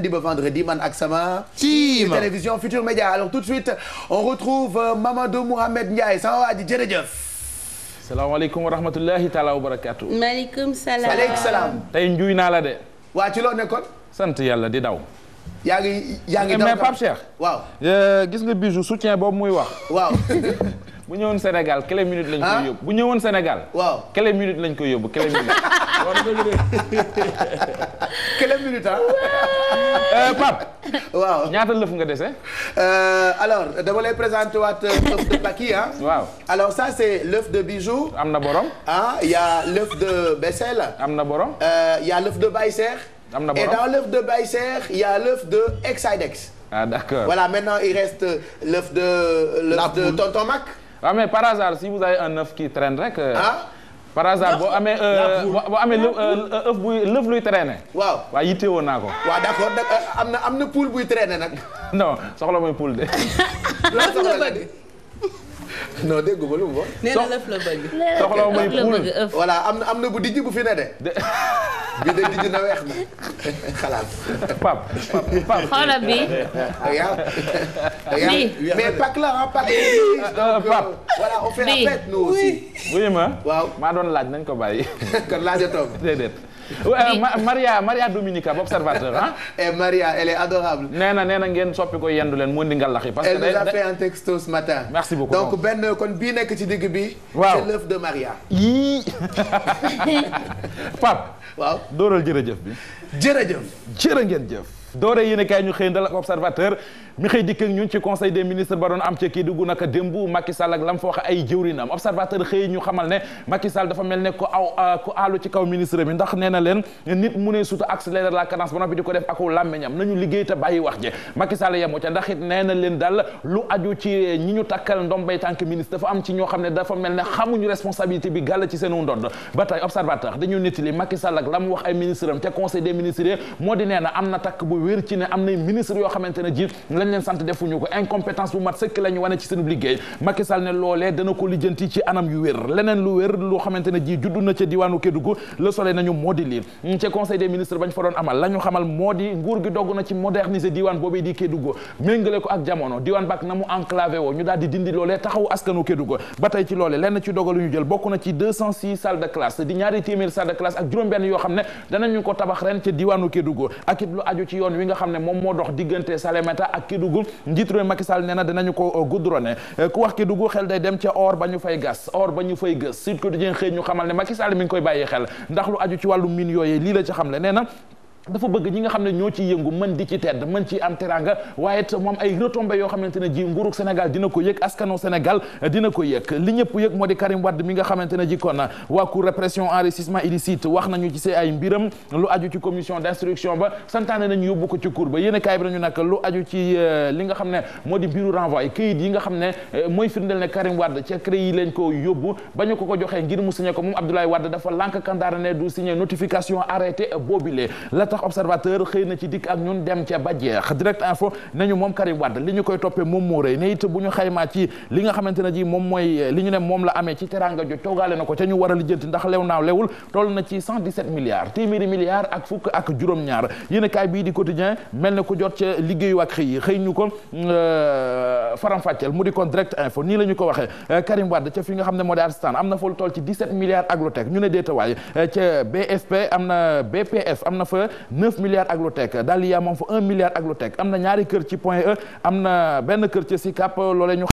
di ba vendredi man ak sama team télévision Futur Média alors tout de suite on retrouve euh, Mamadou Mouhamed Ndiaye sama waa ji jërëjëf salaamaaleykum wa rahmatullahi taala wa barakaatu maaleykum salaam maaleykum salaam tey njuy naa la de waa ci loo nekkoon sant yàlla di daw yaa ngi yaa ngi daw mais Pape Cheikh waaw euh, gis nga bijou soutien boobu muy wax waaw bu ñëwoon Sénégal quelle minute lañ koy ah. yóbbu bu ñëwoon Sénégal waaw quelle minute lañ koy yóbbu quelle minute quelle minute ah. Euh, Pape. waaw ñaata lëf nga dese. Euh, alors dama lay présenter waat lëf euh, de Paki ah. waaw alors ça c' est de Bijou. am na borom. ah y' a l'œuf de Bessel. am na borom. y' a l'œuf de Baye Serre. am na borom de Baye Serre y' a l'œuf de Exidex. ah d'accord voilà maintenant il reste l'œuf de l'œuf de na Mac. waaw ah, mais par hasard si vous avez un œuf qui traîne rek. Ah. par hasard boo amee. Euh, boo amee ëf euh, buy lëf luy traîner. waaw waaw yittewoo naa ko. waaw d'accord euh, am na am na poule buy traîner nag. non soxla mooy poule de. lëf nga bëgg. non dégg nga lu mu wax. nee lëf la bëgg. soxla mooy poule voilà am na am na bu dijj bu fi de. bi de dijj na weex na xalaat. Pape Pape. xoolal bi. mais Pâques la ah Pâques. Pape. voilà on ma. waaw maa doon laaj nañ ko bàyyi. laaj laajatoo ko Euh, Maria Maria Dominica ba observateur ah. Eh, et Maria elle est na nee na ngeen soppi ko yendu leen moo di ngalaxi. parce que nous a fait un texto ce matin. merci beaucoup donc benn kon bii nekk ci digg bi. waaw c'est l'œuf de Maria. yii Pape. waaw jërëjëf bi. jërëjëf. jërë ngeen jëf. doore yéen a kaay ñu xëy na observateur. mi xëy dikk ak ñun ci conseil des ministres ba doon am ne Macky Sall euh, ci kaw mu ne suuta accélérer di ko def aku làmmiñam na leen dal lu aju ci ñi ñu takkal ndombay tànk ñoo xam ne dafa mel ne xamuñu responsabilité bi gàll ci seenu ndodd ba tey observateur dañu nettali Macky Sall lam wax ay ministre am ca conseil des ministres moo di nee am na takk bu wér ci ne am na ministre yoo xamante ne ji lañ leen sant defuñu ko incompétence bu mat sëkk la wane ci seen liggéey Macky ne loolee dana ko lijjanti ci anam yu wér leneen lu wér loo xamante ji juddu mm, na ci moderniser diwaan boobee di ko ak jamono diwaan bak na mu enclavé woo ñu daal dindi loolee taxaw askanu Kédougou ba tey ci loolee lenn ci dogalu ñu jël bokk na ci 206 de classe di ñaari téeméer salles de classe ak juróom-benn yoo xam ne danañu ko tabax ren ci yoon wi Kédougou njiitu réew Macky Sall nee na dinañu ko euh, goudronné euh, ku wax Kédougou xel day dem ca or ba ñu fay gas or ba ñu fay gës Sud Quotidien xëy ñu xamal ne Macky Sall mi ngi koy bàyyi xel ndax lu aju ci wàllu mine yooyee lii la ci xamle nee na dafa bëgg ñi nga xam ne ñoo ci yëngu mën di ci tedd mën ci am teranga waaye it moom ay retombées yoo xamante ne ji nguurug Sénégal dina ko yëg askanu Sénégal dina ko yëg li ñëpp yëg moo di Karim Wade mi nga xamante ne ji kon waa cour répression enrichissement illicite wax nañu ci see ay mbiram lu aju ci commission d' ba santaane nañu yóbbu ko ci cour ba yéen a kaay bi nañu nag lu aju ci euh, li nga xam ne moo di mbiru renvoi këyit yi nga xam ne euh, mooy firndeel ne Karim Wade ca CREI yi leen yóbbu ba ñu ko ko joxee ngir mu signé ko moom Abdoulaye Wade dafa lànk kandaara ne du signé notification arrêté boobile tax observateur xëy na ci dikk ak ñun dem ca ba jeex direct info nañu moom Karim Wade li koy toppee moom moo rëy ne it bu ñu xaymaa ci li nga xamante ne ji moom mooy eh, li ñu ne moom la amee ci teranga jo toogaale na ko ca ñu war a lijjanti ndax lew naaw lewul toll na ci 117 milliards téeméeri milliards ak fukk ak juróom-ñaar yéen a kaay bii di quotidien mel na ko jot ca liggéeyu ak xëy yi xëy ñu ko euh, faram-fàcceel mu di kon direct info nii la ñu ko waxee euh, Karim xam ne moo di Arsenal am na fa lu toll euh, am na BPS am fa neuf milliards ak lu teg Dalia un milliard ak am na ñaari kër Point E am na benn kër ci Sicap ñu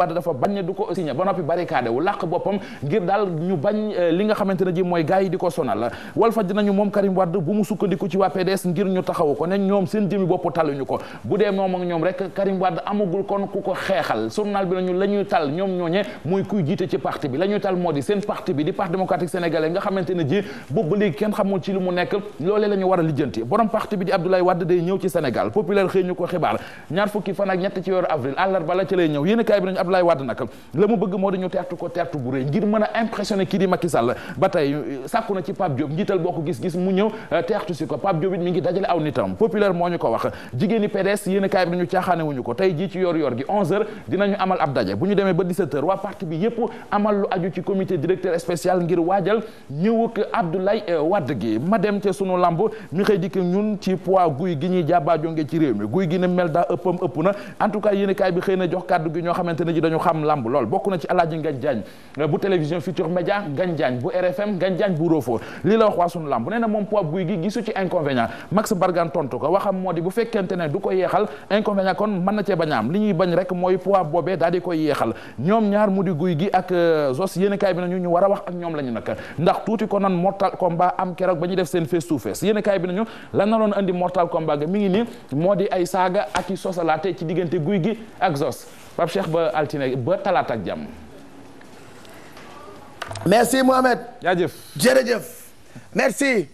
Wade dafa bañ ne du ko signé ba noppi barricade wu làq boppam ngir daal ñu bañ euh, li nga xamante ji mooy gars di ko sonal wal faj nañu moom Karim Wade bu mu sukkandiku ci waa PDS ngir ñu taxawu ko ne ñoom seen jëmi bopp taluñu ko bu dee moom ñoom rek Karim Wade amagul kon ku ko xeexal journal bi nañu la tal ñoom ñooñe muy kuy jiite ci parti bi la tal moo di seen parti bi di parti démocratique sénégalais nga xamante ji boobu léegi kenn xamul a Abdoulaye Wade nag la mu bëgg moo dañu tertu ko tertu bu rëy ngir mën a impressionné kii di Macky ba tey euh, sàkku na ci Pape Diop njiital bokk gis-gis mu ñëw euh, tertu si ko Pape Diop it mi ngi dajale aw nitam populaire moo ñu ko wax jigéeni PDS yéen a kaay bi nañu caaxaane ko tey jii ci yor yor gi 11 heures dinañu amal ab daje bu ñu demee ba 17 waa parti bi yépp amal lu aju ci comité directeur spécial ngir waajal ñëwuk Abdoulaye euh, Wade gi ma dem a ñi dañu xam lamb lool bokk na ci alaaji Ngagne Diagne euh, bu télévision Futur Média Ngagne Diagne bu RFM Ngagne Diagne bu Rofor lii la wax waa sunu lamb nee moom poids buy gi gisu ci inconvénient Max Bargane tontu ko waxam moo di bu fekkente ne du ko yeexal inconvénient kon mën na cee bañ am li ñuy bañ rek mooy poids boobee daal di koy yeexal ñoom ñaar mu di guy gi ak euh, zos yenn kaay bi nañu ñu war a wax ak ñoom la ñu nag ndax tuuti ko nan mortal combat am keroog ba ñuy def seen face to face kaay bi nañu lan na loon andi mortal combat ga mi ngi nii moo di ay saaga ak sosalaate ci diggante guy gi ak zos Pape Cheikh ba altine ba talaata ak jàmm. merci Mohamed. jaajëf jërëjëf merci.